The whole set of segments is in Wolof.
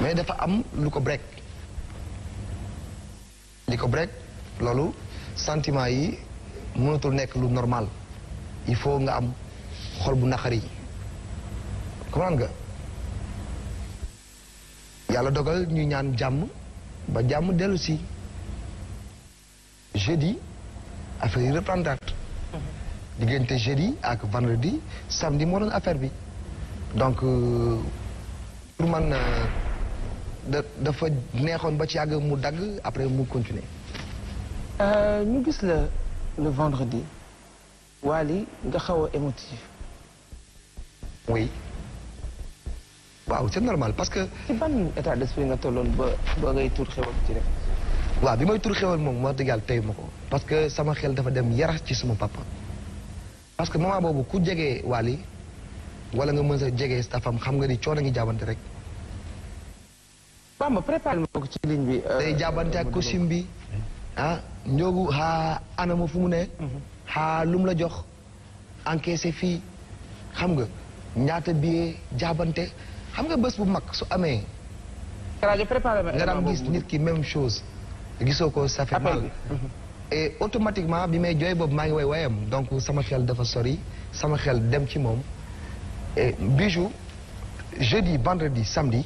mais dafa am lu ko break liko break loolu sentiment yi mënatul nek lu normal il faut nga am xol bu nakari comprendre nga yalla dogal ñu ñaan jamm ba jamm delu ci jeudi affaire yi reprendre digenté jeudi ak vendredi samedi mo doon affaire bi donc euh, pour man euh, da dafa neexoon ba ci yàgg mu dagg après mu continuer euh, ñu gis la le vendredi Wally nga xaw a émotif oui waaw c'est normal parce que ci ban état d'esprit nga tolloon ba ba ngay tur xewal ci rek waaw bi may tur xewal moom wax dëgg tey ma ko parce que sama xel dafa dem yarax ci sama papa parce que moment boobu ku jege Wally wala nga mën sa jege stafam xam nga ni a ngi jaabante rek Bamba préparé ma ko ci ligne bi. Euh, day jàbbante ak costume bi ah njóogu xaa anama fu mu ne. xaa mhm. lum la jox encaissé fii xam nga ñaata billet jàbbante xam nga bës bu mag su amee. rajo préparé nga daan gis nit ki même chose. gisoo ko ça fait mal mhm. automatiquement bi may jooy boobu maa ngi way wayam donc sama xel dafa sori sama xel dem ci moom bijou jeudi vendredi samedi.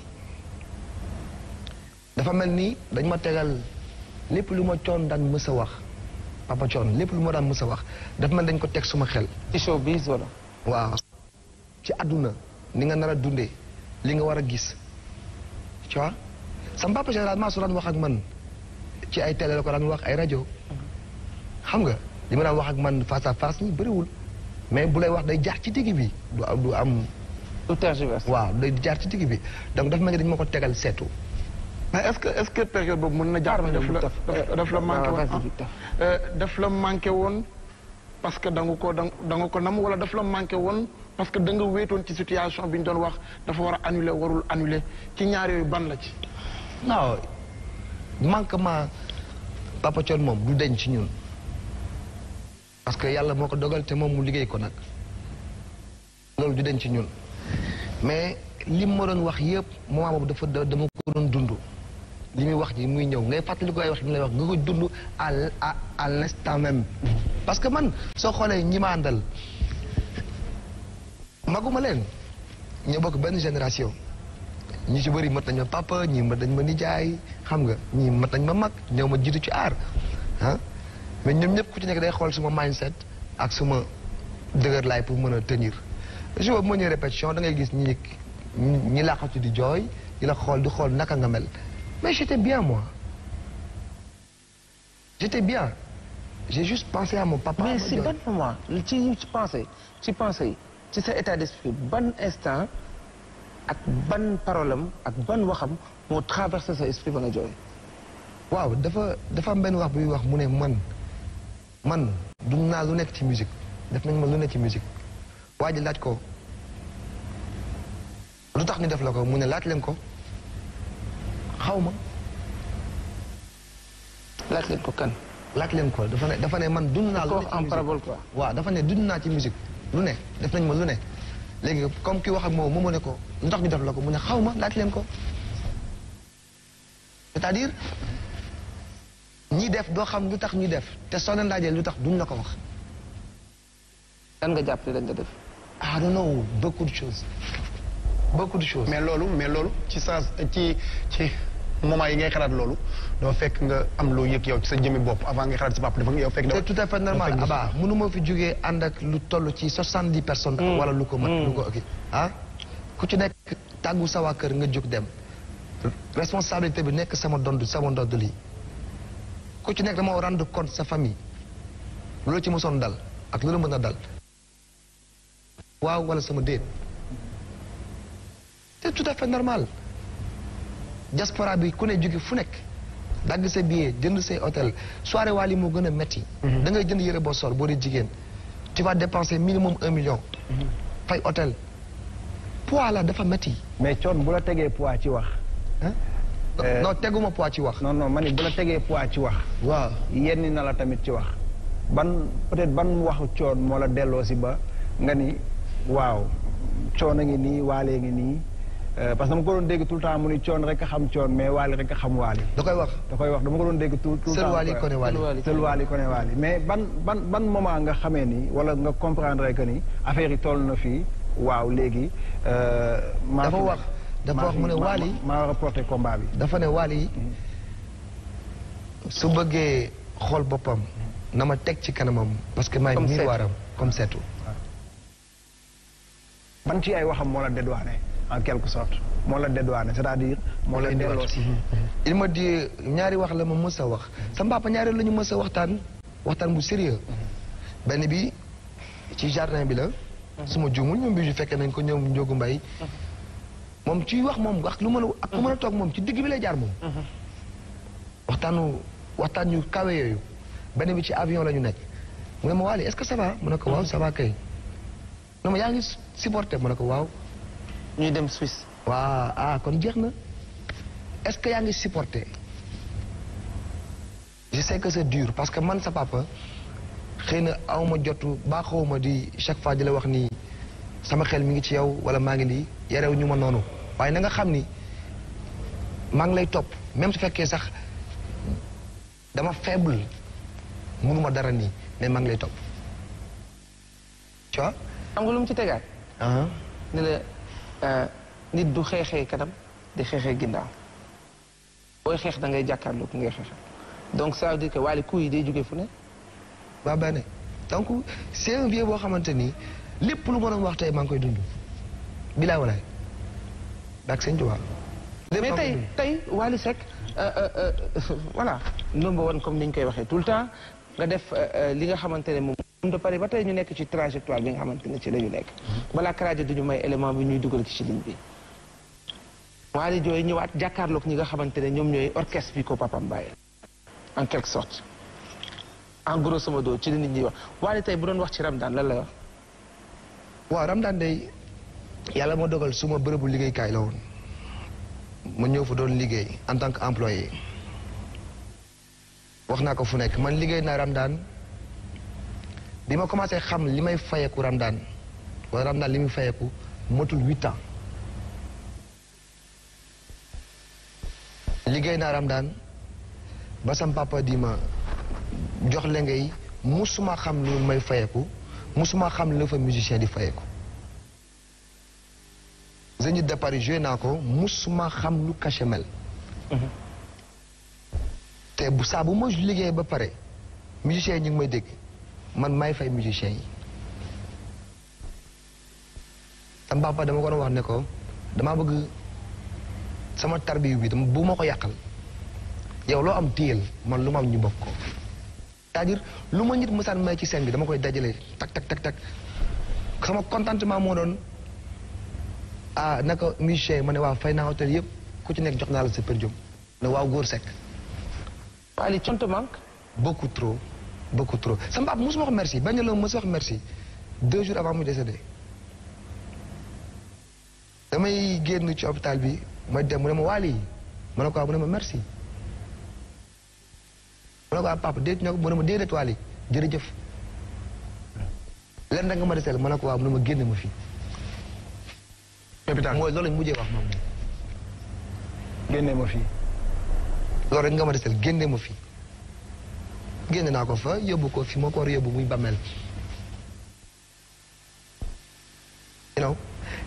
dafa melni dañ ma tégal lepp lu ma cion daan mësa wax papa cion lepp lu ma daan mësa wax dafa mel dañ ko tek suma xel. ci showbiz wala. waaw ci aduna ni nga nara dundé li nga wara gis ci wa sama papa généralement ma suran wax ak man ci ay télé lako ko wax ay radio xam nga li ma wax ak man face à face ni wul mais bu lay wax day jaar ci digg bi du am du am. tout tergiverse waaw day jaar ci digg bi donc dafa mel dañ mako tégal tegal mais est-ce que est-ce que période boobu mën na jàpp daf la daf la manqué woon ah, euh, parce que da ko da nga ko nam wala daf la manqué woon parce que da nga wéetoon ci situation bi ñu doon wax dafa war a annulé warul annulé ci ñaar yooyu ban la ci non manquement Papa Thione moom du deñ ci ñun parce que yàlla moo ko dogal te moom mu liggéey ko nag loolu du deñ ci ñun mais li ma doon wax yëpp moment boobu dafa dama ko doon dund li muy wax ji muy ñëw ngay fàttali ko ay wax li mu lay wax nga ko dund à à l'instant même. parce que man soo xoolee ñi ma àndal maguma leen ñu bokk benn génération ñi ci bëri mat nañ ma papa ñii mat nañ ma nijaay xam nga ñii mat nañ ma mag ñëw ma jiitu ci aar ah mais ñoom ñëpp ku ci nekk day xool suma set ak suma dëgër laay pour mën a tenir jour boobu moo ñëw répétition da ngay gis ñi ñi ci di jooy di la xool di xool naka nga mel. Mais j'étais bien, moi. J'étais bien. J'ai juste pensé à mon papa. Mais c'est bon pour moi. Tu pensais, tu pensais, tu sais, état d'esprit, bon instant, avec bonne parole, avec bonne voix, pour traverser cet esprit de la joie. Waouh, dafa ben wax buy man man d'une lu musique de ma musique de ko xaw ma laaj leen ko laaj leen ko dafa ne dafa ne man dund naa lu ne en parabole quoi waaw dafa ne naa ci musique lu ne def nañ ma lu ne léegi comme ki wax moo moom ne ko lu tax ñu def la ko mu ne xaw ma laaj leen ko c'est-à-dire def doo xam lu tax ñu def te soo leen laajee lu tax duñ la ko wax dan nga jàpp ne dañ ko def I don't know beaucoup de choses beaucoup mais loolu mais loolu ci sens ci ci moment yi ngay xalaat loolu dafa fekk nga am loo yëg yow ci sa jëmmi bopp avant ngay xalaat si papa dafa yow fekk. c'est tout à fait ma fi jógee ànd ak lu toll ci soixante-dix personnes. Mm. wala lu ko mën mm. lu ko ok ah? ku ci nekk tàggu sa kër nga jóg dem responsabilité bi nekk sama dond sama ndodd lii ku ci nekk dama rendre compte sa famille loolu ci mosoon dal ak loolu mën a dal wala sama déet c'est tout à fait normal diaspora bi ku ne jóge fu nekk dagg sa billet jënd say hôtel soirée Wally moo gën a metti mhm. da ngay jënd yëre boo sol boo dee jigéen tu vas dépenser minimum un million mhm. fay hôtel pois la dafa metti mais coon bu la tegee pois ci wax euh, non teguma poids ci wax non non ma ni bu la tegee pois ci wax waaw yenni na la tamit ci wax ban peut-être ban waxu coon moo la delloo si ba nga ni waaw coon a ngi nii waalee ngi nii Euh, parce que dama ko doon dégg tout le temps mu ni coon rek a xam coon mais waali rek a xam waali. da koy wax da koy wax dama ko doon dégg tout tout le temps. waali kone waali seul waali kone mais ban ban ban nga xamee ni wala nga comprendre que ni affaire yi toll na fii waaw léegi. Euh, maa dafa wax dafa wax mu ne waali maa war a bi. dafa ne waali mm-hmm. su bëggee xool boppam. na ma teg ci kanamam. parce que maay miiwaaram comme seetu. ban ah. ci ay waxam moo la dédouané. en quelque sorte mo la dédouané c'est-à-dire mo la il ma di ñaari wax la ma mës apa wax sa papa ñaari lañu ñu waxtan waxtan bu sérieux ben bi ci jardin bi la suma ma ñu bi ju fekk nañ ko ñom ñogu mbay mom ci wax mom wax lu mëna ak mëna tok mom ci digg bi lay jaar mom waxtanu waxtan ñu kawé yoyu ben bi ci avion lañu nekk mu ne ma wali est-ce que ça va mu ne ko waaw ça va kay non ma yaangi supporter mu ne ko waaw ñuy dem Suisse. wa ah kon jeexna est-ce que ya nga supporter je sais que c'est dur parce que man sa papa xeyna awma jotu ba xawma di chaque fois di la wax ni sama xel mi ngi ci yow wala ma ngi ni yarew ñuma nonu waye nga xamni ma ngi lay top même su fekke sax dama faible mënuma dara ni mais ma ngi lay top tu vois. am nga lu mu ci hein ah. ne la. Euh, nit du xeexee kanam di xeexee ginnaaw booy xeex da ngay jàkkaarloo ku ngay xeexee donc ça veut dire ko waale coup yi day jógee fu ne waa bane donc c'est un boo xamante nii lépp lu mënoon wax tey maa ngi koy dund bilaa walaay baak seen juwaa mais tey tey Wally Seck euh, euh, number one comme ni ñu koy waxee tout le temps nga def euh, euh, li nga xamante ne moom de pare ba tey ñu nekk ci trajectoire bi nga xamante ne ci la ñu nekk balaa krajo duñu may élément bi ñuy dugal ci ligne bi waali jooy ñëwaat jàkkaarloog ñi nga xamante ne ñoom ñooy orchestre bi ko papam bàyyi en quelque sorte en grosso modo ci li nit ñi wax waali tey bu doon wax ci Ramadan lan la wax waaw Ramadan day yàlla moo dogal suma bërëbu liggéeykaay la woon ma ñëw fa doon liggéey en tant que employé wax naa ko fu nekk man liggéey naa Ramadaan bi ma commencé xam li may fayeku Ramadaan wala Ramadaan li muy fayeku motul huit ans liggéey naa Ramadaan ba sam papa ma jox la ngay musuma xam lu may fayeku musuma xam lu fa musicien di fayeku Zénith de Paris joué naa ko musuma xam lu cachet mel mhm. té bu sa bu ma liggéey ba paré musicien ñing may dégg man may fay musicien yi tam papa dama ko wax né ko dama bëgg sama tarbiyu bi dama bu mako yakal yow lo am tiel man luma am ñu bokk ko tadir luma nit mësaan may ci scène bi dama koy dajalé tak tak tak tak sama contentement mo doon ah nako musicien mané wa fay na hotel yépp ku ci nek jox naa la sa per diem ne Ali tu te manques beaucoup trop beaucoup trop sama papa mosuma wax merci bañ la mos wax merci deux jours avant muy décédé damay génn ci hôpital bi ma dem mu ne ma waali ma ne ko mu ne ma merci ma ne ko papa déet ñoo ko mu ne ma jërëjëf lenn da nga ma desel ma ne ko waaw mu ne ma génn ma fii mooy loolu mu mujjee wax moom génne ma fii loolu nga ma desel génne ma fi génne naa ko fa yóbbu ko fi moo ko war yóbbu muy bàmmeel you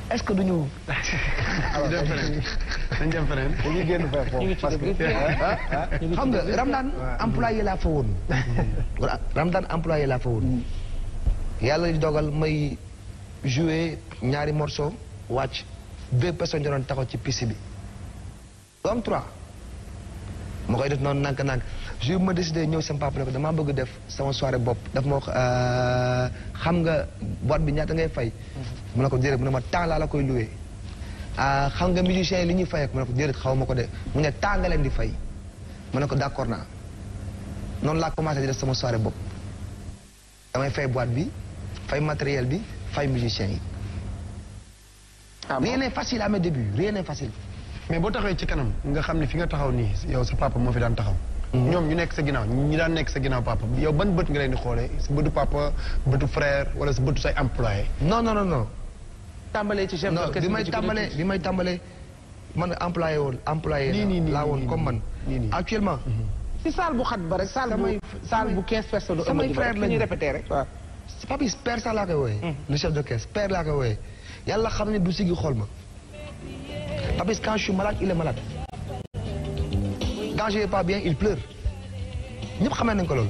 est-ce que duñu. dañ dem feneen dañuy génn foofu parce que ah, ah. laa fa woon. Ramadaan employé laa fa woon. yàlla di dogal may jouer ñaari morceau wàcc deux personnes doon taxaw ci piste bi. mo koy def non nank nank je me décidé ñëw sama papa nak dama bëgg def sama soirée bop daf ma euh, xam nga boîte bi ñata ngay fay. mu ne ko déedéet mu ne ma temps laa la koy loué. Euh, xam nga musicien yi li ñuy ak mu ne ko déedéet xaw ma ko de mu ne temps nga leen di fay mu ne d'accord na non la commencé di def sama soirée bop damay fay boîte bi fay matériel bi fay musicien yi. Ah rien n'est facile à mes débuts rien n'est facile. mais boo taxawee ci kanam nga xam ne fi nga taxaw nii yow sa papa moo fi daan taxaw. Mhm. ñoom ñu nekk sa ginnaaw ñi daan nekk sa ginnaaw papa yow ban bët nga leen di xoolee sa bëtu papa bëtu frère wala sa bëtu say employé. non non non non. tàmbalee ci chef d'orchestre bi may tàmbalee bi may tàmbalee man employé woon employé laa woon comme man actuellement. ci mhm. salle bu ba rek salle bu bu 15 personnes. samay frère lañu répété rek waaw. papis père sax laa koy wooyee. Mhm. le chef d'orchestre père laa koy wooyee yàlla xam ne du sigi xool ma. Papis, quand je suis malade, il est malade. Quand je pas bien, il pleure. ñëpp xamee nañ ko loolu.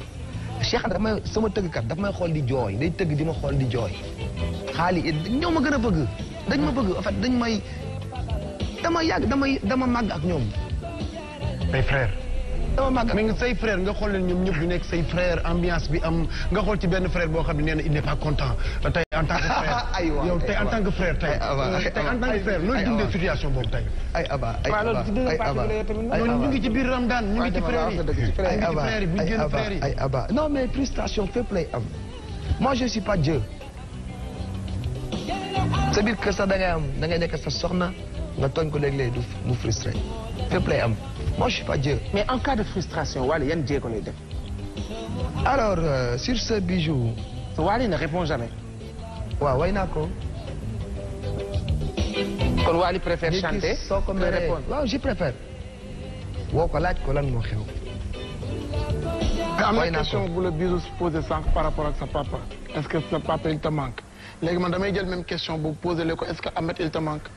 Cheikh dafa may sama tëggkat dafa may xool di jooy day tëgg di ma xool di jooy. xaali it ñoo ma gën a bëgg. dañ ma bëgg en dañ may dama yàgg damay dama màgg ak ñoom. ay frère. dama màgg ak ñoom say frère nga xool leen ñoom ñëpp ñu nekk say frère ambiance bi am nga xool ci benn frère boo xam ne nee na il n'est pas content. en tant que frère yow tey en tant que frère tey. tey en tant que frère looy dundee situation boobu tey. ay aba ay aba ay aba ñu ngi ci biir Ramadan ñu ngi ci frère yi ay aba ay aba ay aba non mais frustration fépp lay am. moi je suis pas Dieu. sa biir kër sax da ngay am da ngay nekk sa soxna nga tooñ ko léeg-léeg du mu frustré fépp lay am moi je suis pas Dieu. mais en cas de frustration wala yan jéego lay def. alors euh, sur ce bijou. Wally ne répond jamais waaw way naa ko. kon préfère chanter soo ko mën répondre waaw je préfère. woo ko laaj ko lan moo xew. am na question bu la bisu posé sànq par rapport à sa papa est-ce que sa papa il te manque léegi man damay jël même question bu posé le est-ce que Ahmed il te manque.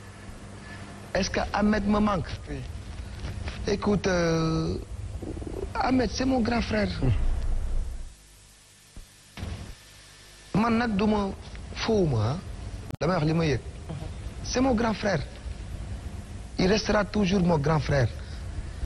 est-ce que Ahmed me manque. oui écoute euh, Ahmed c'est mon grand frère. Hmm. man nag du Faux, moi, mhm. c'est mon grand frère il restera toujours mon grand frère